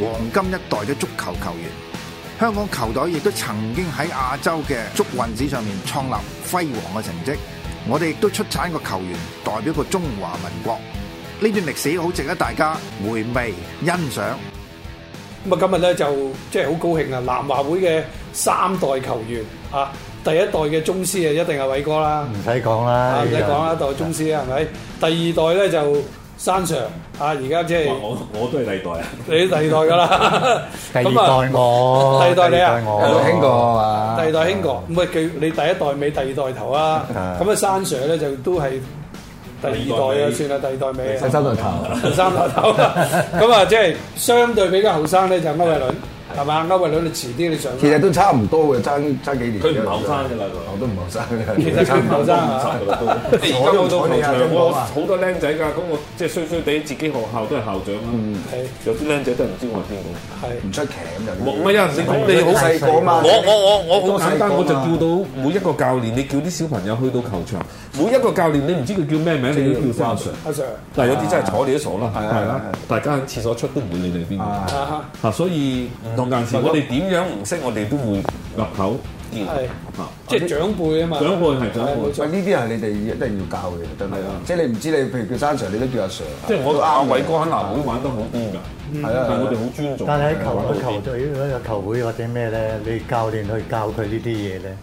黃金一代嘅足球球員，香港球隊亦都曾經喺亞洲嘅足運史上面創立輝煌嘅成績。我哋亦都出產個球員代表過中華民國，呢段歷史好值得大家回味欣賞。咁啊，今日咧，就即係好高興啊！南華會嘅三代球員啊，第一代嘅宗師啊，一定係偉哥啦，唔使講啦，唔使講啦，一代宗師係咪、嗯？第二代咧就。山 Sir，啊，而家即係我我都係第二代啊，你第二代噶啦，第二代我，第二代你啊，第二代我，兄哥啊嘛，第二代兄哥，咁啊，佢你第一代尾，第二代頭啊，咁啊，山 Sir 咧就都係第二代啊，算啦，第二代尾，第三代頭，第三代頭啊，咁啊，即係相對比較後生咧，就乜鬼卵？係嘛？歐文兩你遲啲你上。其實都差唔多嘅，爭爭幾年。佢唔後生㗎啦，我都唔後生。其實佢唔後生啊！坐喺個球場，我好多僆仔㗎。咁我即係衰衰哋，自己學校都係校長啦。有啲僆仔都唔知我係邊個。係唔出奇咁就。冇乜，因為我哋好細個嘛。我我我我好細個簡單，我就叫到每一個教練，你叫啲小朋友去到球場，每一個教練你唔知佢叫咩名，你都叫阿 Sir。阿 Sir，但係有啲真係坐你都傻啦。係啦，大家喺廁所出都唔會理你邊個。啊，所以。我哋點樣唔識，我哋都會入口。係即係長輩啊嘛。長輩係長輩。喂，呢啲係你哋一定要教嘅，真係啊！即係你唔知你，譬如叫山 Sir，你都叫阿 Sir。即係我阿偉哥喺南澳玩得好啲㗎，啊，我哋好尊重。但係喺球會、球隊、球會或者咩咧，你教練去教佢呢啲嘢咧，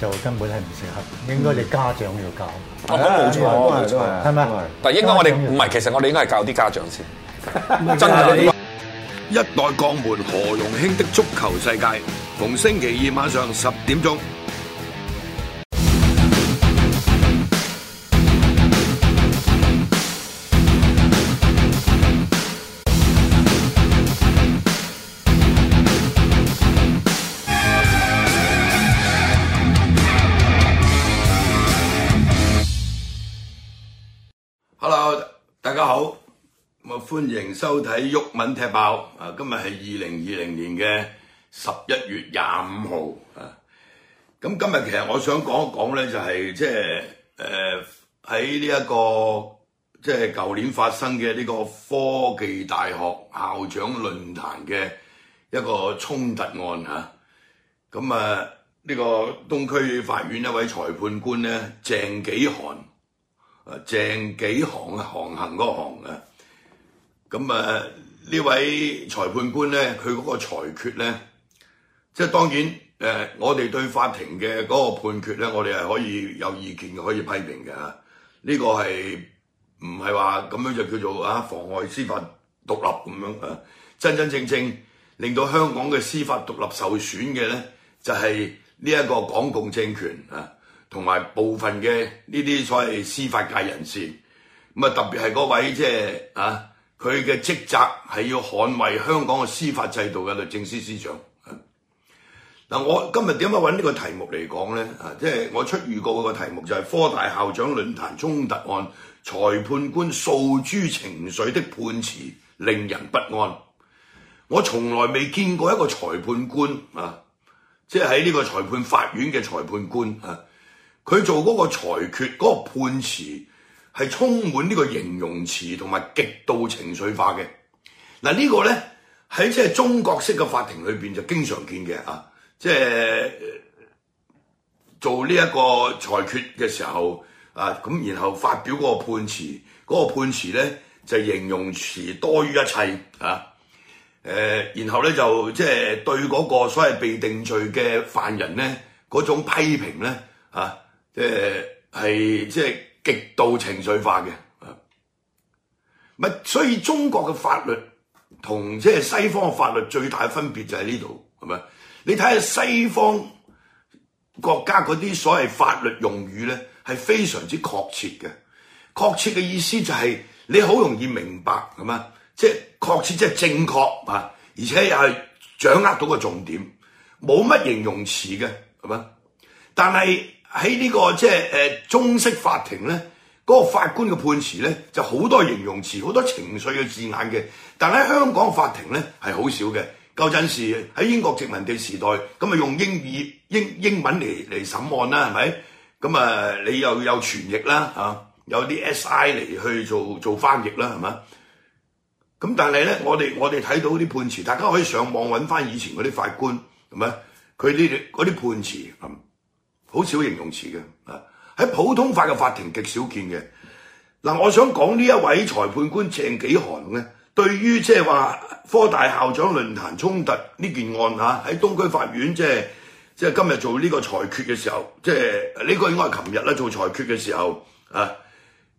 就根本係唔適合，應該你家長要教。係冇錯，冇冇錯，係咪？但係應該我哋唔係，其實我哋應該係教啲家長先，真㗎。一代國門何容興的足球世界，逢星期二晚上十點鐘。歡迎收睇《毓民踢爆》啊！今日係二零二零年嘅十一月廿五號啊！咁今日其實我想講一講咧、就係，就係即係誒喺呢一個即係舊年發生嘅呢個科技大學校長論壇嘅一個衝突案啊！咁啊，呢、呢個東區法院一位裁判官咧，鄭紀航啊，鄭紀航啊，行行嗰行啊！咁啊！呢位裁判官咧，佢嗰個裁決咧，即係當然誒、呃，我哋對法庭嘅嗰個判決咧，我哋係可以有意見，可以批評嘅嚇。呢、啊呢個係唔係話咁樣就叫做啊妨礙司法獨立咁樣啊？真真正正令到香港嘅司法獨立受損嘅咧，就係呢一個港共政權啊，同埋部分嘅呢啲所謂司法界人士。咁啊，特別係嗰位即係啊。佢嘅職責係要捍衞香港嘅司法制度嘅律政司司長。嗱，我今日點解揾呢個題目嚟講咧？啊，即係我出預告個題目就係科大校長論壇衝突案，裁判官訴諸情緒的判詞令人不安。我從來未見過一個裁判官啊，即係喺呢個裁判法院嘅裁判官啊，佢做嗰個裁決嗰個判詞。係充滿呢個形容詞同埋極度情緒化嘅。嗱呢個咧喺即係中國式嘅法庭裏邊就經常見嘅啊！即係做呢一個裁決嘅時候啊，咁然後發表嗰個判詞，嗰個判詞咧就形容詞多於一切啊！誒，然後咧就即係對嗰個所謂被定罪嘅犯人咧嗰種批評咧啊，即係係即係。極度情緒化嘅，唔係，所以中國嘅法律同即係西方嘅法律最大嘅分別就係呢度，係咪？你睇下西方國家嗰啲所謂法律用語咧，係非常之確切嘅。確切嘅意思就係你好容易明白，咁啊，即係確切即係正確啊，而且又係掌握到個重點，冇乜形容詞嘅，係咪？但係。喺呢、這個即係誒、呃、中式法庭咧，嗰、那個法官嘅判詞咧就好多形容詞、好多情緒嘅字眼嘅。但喺香港法庭咧係好少嘅。舊陣時喺英國殖民地時代，咁啊用英語、英英文嚟嚟審案啦，係咪？咁啊，你又有傳譯啦，嚇、啊，有啲 SI 嚟去做做翻譯啦，係咪？咁但係咧，我哋我哋睇到啲判詞，大家可以上網揾翻以前嗰啲法官，係咪？佢呢啲啲判詞。嗯好少形容詞嘅，啊喺普通法嘅法庭極少見嘅。嗱，我想講呢一位裁判官鄭紀韓咧，對於即係話科大校長論壇衝突呢件案嚇喺東區法院即係即係今日做呢個裁決嘅時候，即係呢個應該係琴日啦做裁決嘅時候啊，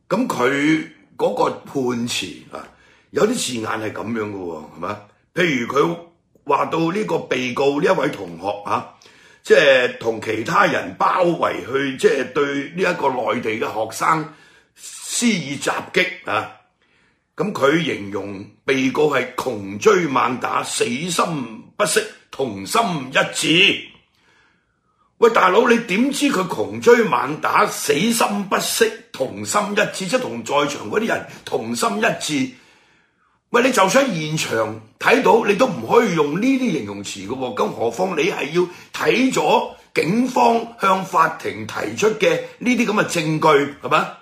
咁佢嗰個判詞啊，有啲字眼係咁樣嘅喎，係嘛？譬如佢話到呢個被告呢一位同學嚇。啊即係同其他人包圍去，即係對呢一個內地嘅學生施以襲擊啊！咁佢形容被告係窮追猛打、死心不息、同心一致。喂，大佬，你點知佢窮追猛打、死心不息、同心一致，即係同在場嗰啲人同心一致？喂，你就算現場睇到，你都唔可以用呢啲形容詞嘅喎，咁何況你係要睇咗警方向法庭提出嘅呢啲咁嘅證據，係咪？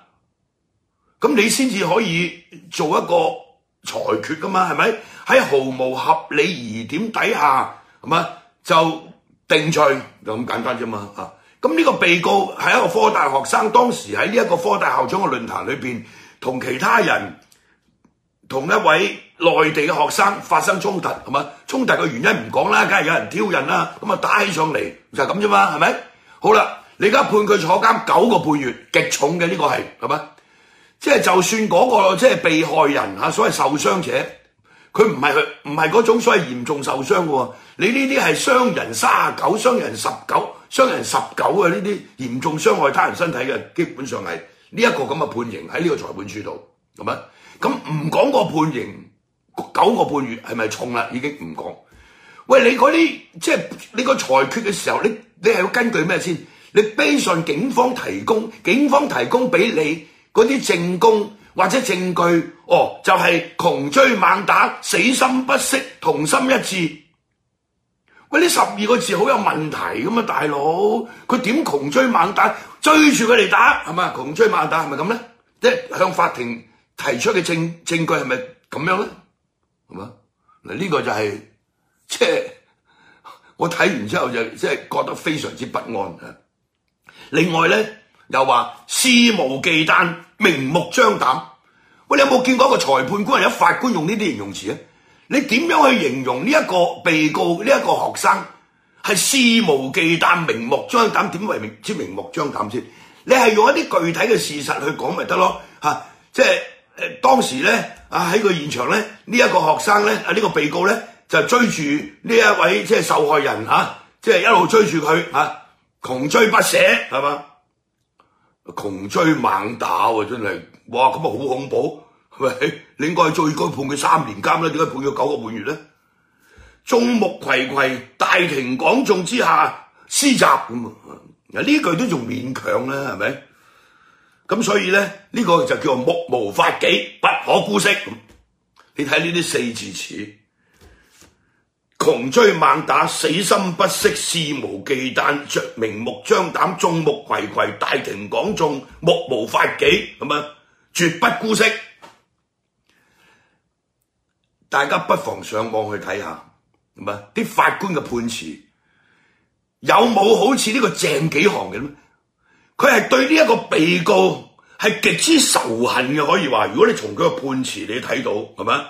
咁你先至可以做一個裁決噶嘛？係咪？喺毫無合理疑點底下，係咪？就定罪就咁簡單啫嘛？啊，咁呢個被告係一個科大學生，當時喺呢一個科大校長嘅論壇裏邊同其他人。同一位內地嘅學生發生衝突，係嘛？衝突嘅原因唔講啦，梗係有人挑釁啦。咁啊，打起上嚟就係咁啫嘛，係咪？好啦，你而家判佢坐監九個半月，極重嘅呢個係係嘛？即係就算嗰個即係被害人啊，所謂受傷者，佢唔係唔係嗰種所謂嚴重受傷嘅喎。你呢啲係傷人卅九，傷人十九，傷人十九嘅呢啲嚴重傷害他人身體嘅，基本上係呢一個咁嘅判刑喺呢個裁判處度，係嘛？咁唔講個判刑九個半月係咪重啦？已經唔講。喂，你嗰啲即係你個裁決嘅時候，你你係要根據咩先？你悲信警方提供，警方提供俾你嗰啲證供或者證據哦，就係窮追猛打、死心不息、同心一致。喂，呢十二個字好有問題㗎嘛！大佬佢點窮追猛打？追住佢嚟打係咪？窮追猛打係咪咁咧？即係向法庭，提出嘅證證據係咪咁樣咧？係嘛？嗱，呢個就係即係我睇完之後就即係覺得非常之不安啊！另外咧又話肆無忌憚、明目張膽。喂，你有冇見過一個裁判官或者法官用呢啲形容詞咧？你點樣去形容呢一個被告呢一個學生係肆無忌憚、明目張膽？點為明之明目張膽先？你係用一啲具體嘅事實去講咪得咯？嚇，啊，即係。誒當時咧，啊喺個現場咧，呢、這、一個學生咧，啊、這、呢個被告咧，就追住呢一位即係受害人嚇、啊，即係一路追住佢嚇，窮追不捨係嘛，窮追猛打喎、啊，真係哇咁啊好恐怖，係咪？你應該最高判佢三年監啦，點解判咗九個半月咧？眾目睽睽、大庭廣眾之下施襲咁啊！嗱呢句都仲勉強啦，係咪？咁所以咧，呢、這個就叫做目無法紀，不可姑息。你睇呢啲四字詞，窮追猛打、死心不息、肆無忌憚、着明目張膽、眾目睽睽、大庭廣眾、目無法紀，咁啊，絕不姑息。大家不妨上網去睇下，咁啊，啲法官嘅判詞有冇好似呢個鄭幾行嘅咧？佢係對呢一個被告係極之仇恨嘅，可以話。如果你從佢個判詞你睇到，係咪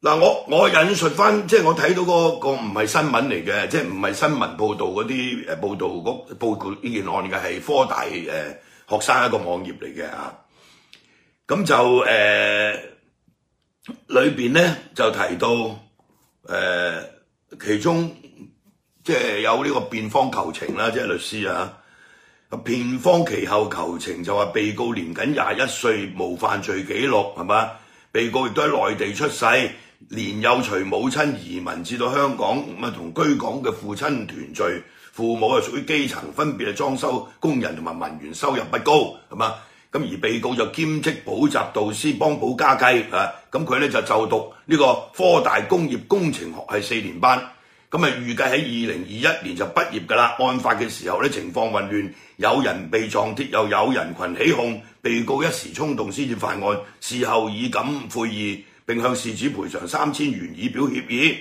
嗱，我我引述翻，即係我睇到嗰個唔係新聞嚟嘅，即係唔係新聞報道嗰啲，誒報道報告呢件案嘅係科大誒學生一個網頁嚟嘅啊。咁就誒裏邊咧就提到誒其中即係有呢個辯方求情啦，即係律師啊。辯方其後求情就話被告年僅廿一歲，無犯罪記錄，係嘛？被告亦都喺內地出世，年幼隨母親移民至到香港，咁啊同居港嘅父親團聚。父母啊屬於基層，分別係裝修工人同埋文員，收入不高，係嘛？咁而被告就兼職補習導師，幫補家計啊！咁佢咧就就讀呢個科大工業工程學系四年班。咁咪預計喺二零二一年就畢業㗎啦。案發嘅時候咧，情況混亂，有人被撞跌，又有人群起哄。被告一時衝動先至犯案，事後已感悔意，並向事主賠償三千元以表歉意。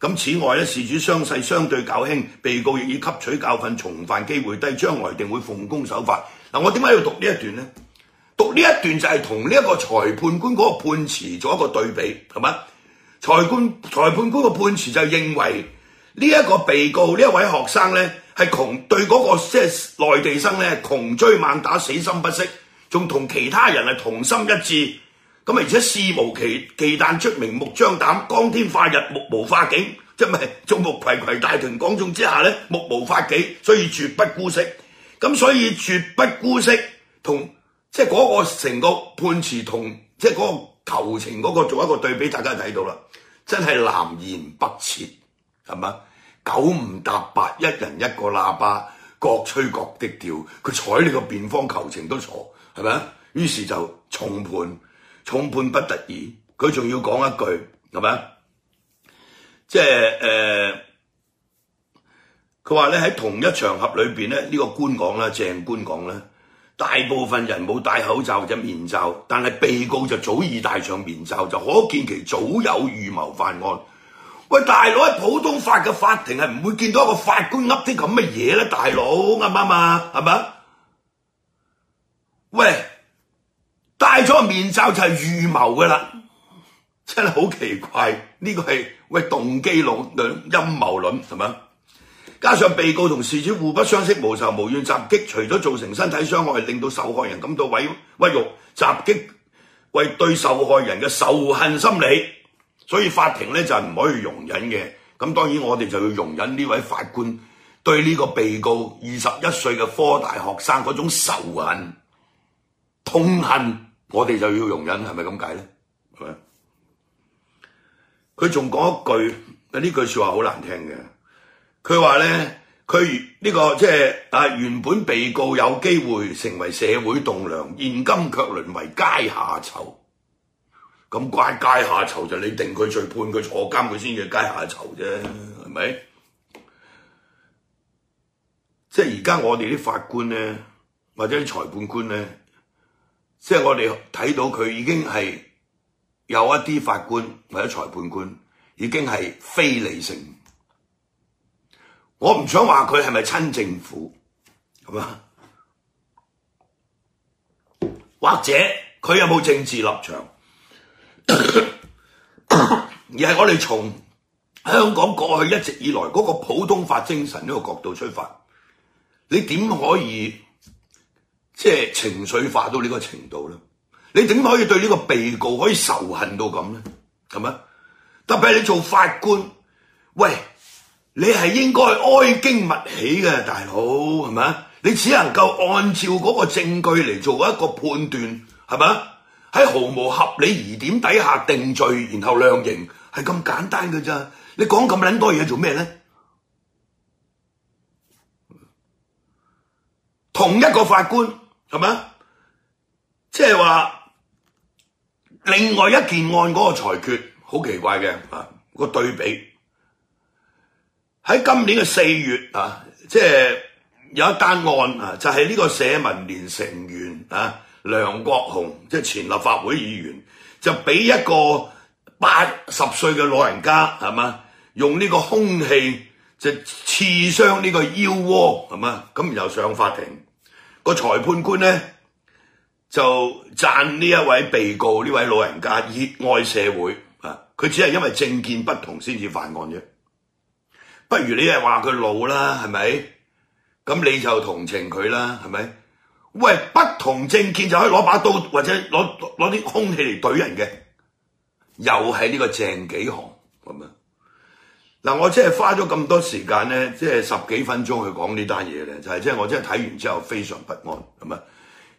咁此外咧，事主傷勢相對較輕，被告亦已吸取教訓，重犯機會低，將來定會奉公守法。嗱，我點解要讀呢一段咧？讀呢一段就係同呢一個裁判官嗰個判詞做一個對比，係咪？裁判裁判官嘅判詞就認為。呢一個被告，呢一位學生呢，係窮對嗰個即係內地生呢，窮追猛打，死心不息，仲同其他人係同心一致。咁而且肆無忌忌憚，出明目張膽，光天化日，目無法警，即係咪眾目睽睽大庭廣眾之下呢，目無法紀，所以絕不姑息。咁所以絕不姑息，同即係嗰個成個判詞同即係嗰個求情嗰個做一個對比，大家睇到啦，真係南轅北轍。係咪？九唔搭八，一人一個喇叭，各吹各的調。佢睬你個辯方求情都傻，係咪？於是就重判，重判不特止。佢仲要講一句，係咪？即係誒，佢話咧喺同一場合裏邊咧，呢、這個官講啦，鄭官講啦，大部分人冇戴口罩或者面罩，但係被告就早已戴上面罩，就可見其早有預謀犯案。喂，大佬喺普通法嘅法庭係唔會見到一個法官噏啲咁嘅嘢咧，大佬啱唔啱啊？係咪？喂，戴咗個面罩就係預謀噶啦，真係好奇怪呢個係，喂動機論、陰謀論，係咪？加上被告同事主互不相識，無仇無怨，襲擊，除咗造成身體傷害，令到受害人感到委屈屈辱，襲擊為對受害人嘅仇恨心理。所以法庭咧就係唔可以容忍嘅，咁當然我哋就要容忍呢位法官對呢個被告二十一歲嘅科大學生嗰種仇恨痛恨，我哋就要容忍，係咪咁解咧？係咪？佢仲講一句，呢句説話好難聽嘅，佢話咧，佢呢個即係啊原本被告有機會成為社會棟梁，現今卻淪為階下囚。咁關階下囚就你定佢罪判佢坐監，佢先至階下囚啫，係咪？即係而家我哋啲法官咧，或者啲裁判官咧，即係我哋睇到佢已經係有一啲法官或者裁判官已經係非理性。我唔想話佢係咪親政府係啊，或者佢有冇政治立場？ 而係我哋從香港過去一直以來嗰個普通法精神呢個角度出發，你點可以即係情緒化到呢個程度咧？你點可以對呢個被告可以仇恨到咁咧？係咪？特別你做法官，喂，你係應該哀矜勿喜嘅大佬，係咪？你只能夠按照嗰個證據嚟做一個判斷，係咪？喺毫無合理疑點底下定罪，然後量刑係咁簡單嘅咋？你講咁捻多嘢做咩咧？同一個法官係咪？即係話另外一件案嗰個裁決好奇怪嘅啊，個對比喺今年嘅四月啊，即係有一單案啊，就係呢個社民聯成員啊。梁國雄即係前立法會議員，就俾一個八十歲嘅老人家係嘛，用呢個兇器就刺傷呢個腰窩係嘛，咁然後上法庭，個裁判官咧就讚呢一位被告呢位老人家熱愛社會啊，佢只係因為政見不同先至犯案啫，不如你係話佢老啦係咪？咁你就同情佢啦係咪？喂，不同政見就可以攞把刀或者攞攞啲空氣嚟懟人嘅，又係呢個鄭幾行咁啊！嗱，我真係花咗咁多時間咧，即係十幾分鐘去講呢單嘢咧，就係即係我真係睇完之後非常不安咁啊！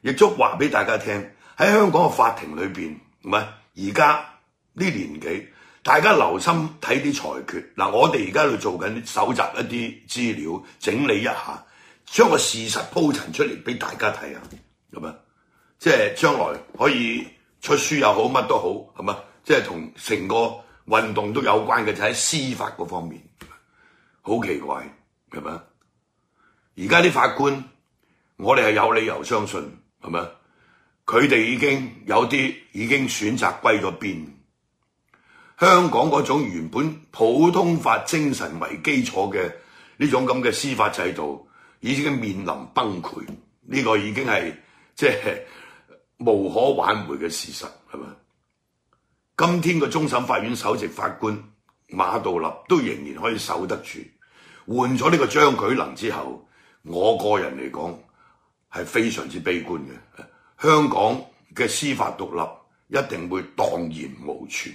亦都話俾大家聽，喺香港嘅法庭裏邊，唔係而家呢年紀，大家留心睇啲裁決。嗱、啊，我哋而家喺度做緊搜集一啲資料，整理一下。將個事實鋪陳出嚟俾大家睇啊，係咪？即係將來可以出書又好，乜都好，係咪？即係同成個運動都有關嘅，就喺司法嗰方面，好奇怪，係咪？而家啲法官，我哋係有理由相信，係咪？佢哋已經有啲已經選擇歸咗邊，香港嗰種原本普通法精神為基礎嘅呢種咁嘅司法制度。已經面臨崩潰，呢個已經係即係無可挽回嘅事實，係咪？今天嘅終審法院首席法官馬道立都仍然可以守得住，換咗呢個張舉能之後，我個人嚟講係非常之悲觀嘅。香港嘅司法獨立一定會蕩然無存。